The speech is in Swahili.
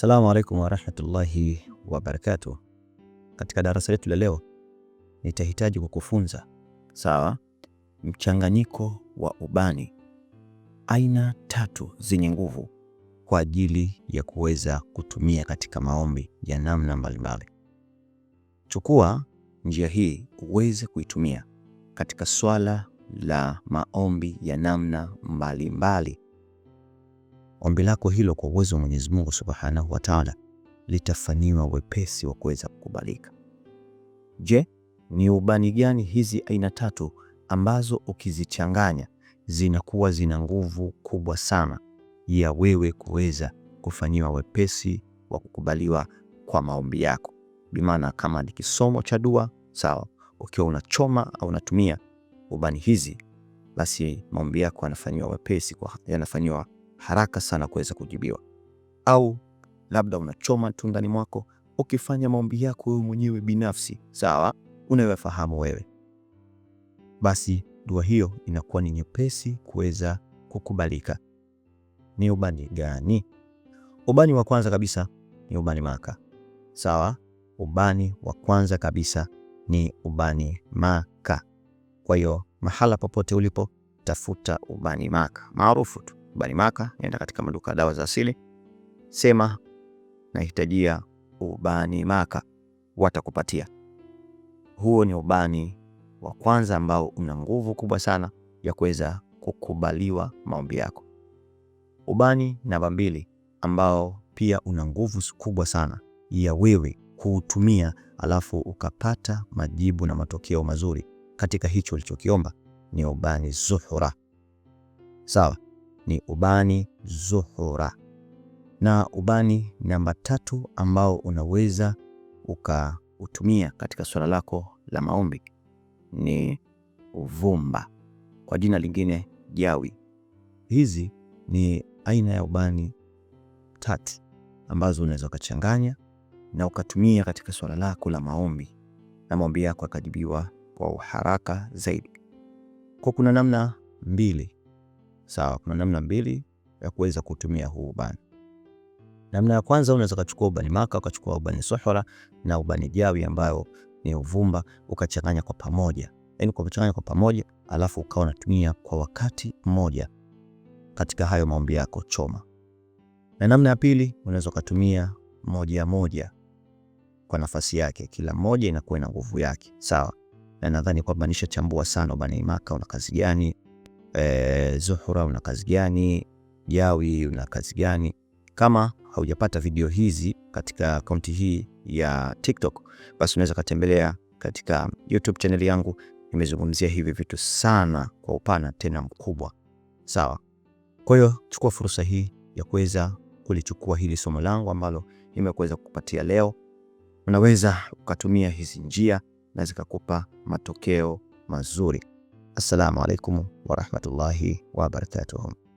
Assalamu alaikum warahmatullahi wabarakatuh. Katika darasa letu la leo nitahitaji kukufunza sawa, mchanganyiko wa ubani aina tatu zenye nguvu kwa ajili ya kuweza kutumia katika maombi ya namna mbalimbali. Chukua njia hii uweze kuitumia katika swala la maombi ya namna mbalimbali mbali Ombi lako hilo kwa uwezo wa Mwenyezi Mungu Subhanahu wa Ta'ala litafanyiwa wepesi wa kuweza kukubalika. Je, ni ubani gani hizi aina tatu ambazo ukizichanganya zinakuwa zina nguvu kubwa sana ya wewe kuweza kufanyiwa wepesi wa kukubaliwa kwa maombi yako? Bimaana kama ni kisomo cha dua, sawa, ukiwa unachoma au unatumia ubani hizi, basi maombi yako yanafanyiwa wepesi, yanafanyiwa haraka sana kuweza kujibiwa, au labda unachoma tu ndani mwako ukifanya maombi yako wewe mwenyewe binafsi, sawa, unayofahamu wewe, basi dua hiyo inakuwa ni nyepesi kuweza kukubalika. Ni ubani gani? Ubani wa kwanza kabisa ni ubani Maka, sawa. Ubani wa kwanza kabisa ni ubani Maka. Kwa hiyo mahala popote ulipo, tafuta ubani Maka maarufu tu. Banimaka, nenda katika maduka ya dawa za asili, sema nahitajia ubani maka watakupatia. Huo ni ubani wa kwanza ambao una nguvu kubwa sana ya kuweza kukubaliwa maombi yako. Ubani namba mbili ambao pia una nguvu kubwa sana ya wewe kuutumia, alafu ukapata majibu na matokeo mazuri katika hicho ulichokiomba, ni ubani Zuhura. Sawa ni ubani zuhura, na ubani namba tatu ambao unaweza ukautumia katika swala lako la maombi ni uvumba, kwa jina lingine jawi. Hizi ni aina ya ubani tatu ambazo unaweza ukachanganya na ukatumia katika swala lako la maombi na maombi yako yakajibiwa kwa uharaka zaidi. Kwa kuna namna mbili Sawa, kuna namna mbili ya kuweza kutumia huu ubani. Namna ya kwanza unaweza kuchukua ubani maka, ukachukua ubani sohora na ubani jawi ambao ni uvumba, ukachanganya kwa pamoja. yani kwa kuchanganya kwa pamoja, alafu ukawa unatumia kwa wakati mmoja katika hayo maombi yako choma. Na namna ya pili unaweza kutumia moja moja kwa nafasi yake, kila moja inakuwa na nguvu yake. Sawa. Na nadhani kwamba nishachambua sana ubani maka una kazi gani e, Zuhura una kazi gani? Jawi una kazi gani? Kama haujapata video hizi katika akaunti hii ya TikTok, basi unaweza katembelea katika YouTube channel yangu, nimezungumzia hivi vitu sana kwa upana tena mkubwa. Sawa. Kwa hiyo chukua fursa hii ya kuweza kulichukua hili somo langu ambalo nimekuweza kukupatia leo. Unaweza ukatumia hizi njia na zikakupa matokeo mazuri. Assalamu alaikum ورحمة الله وبركاته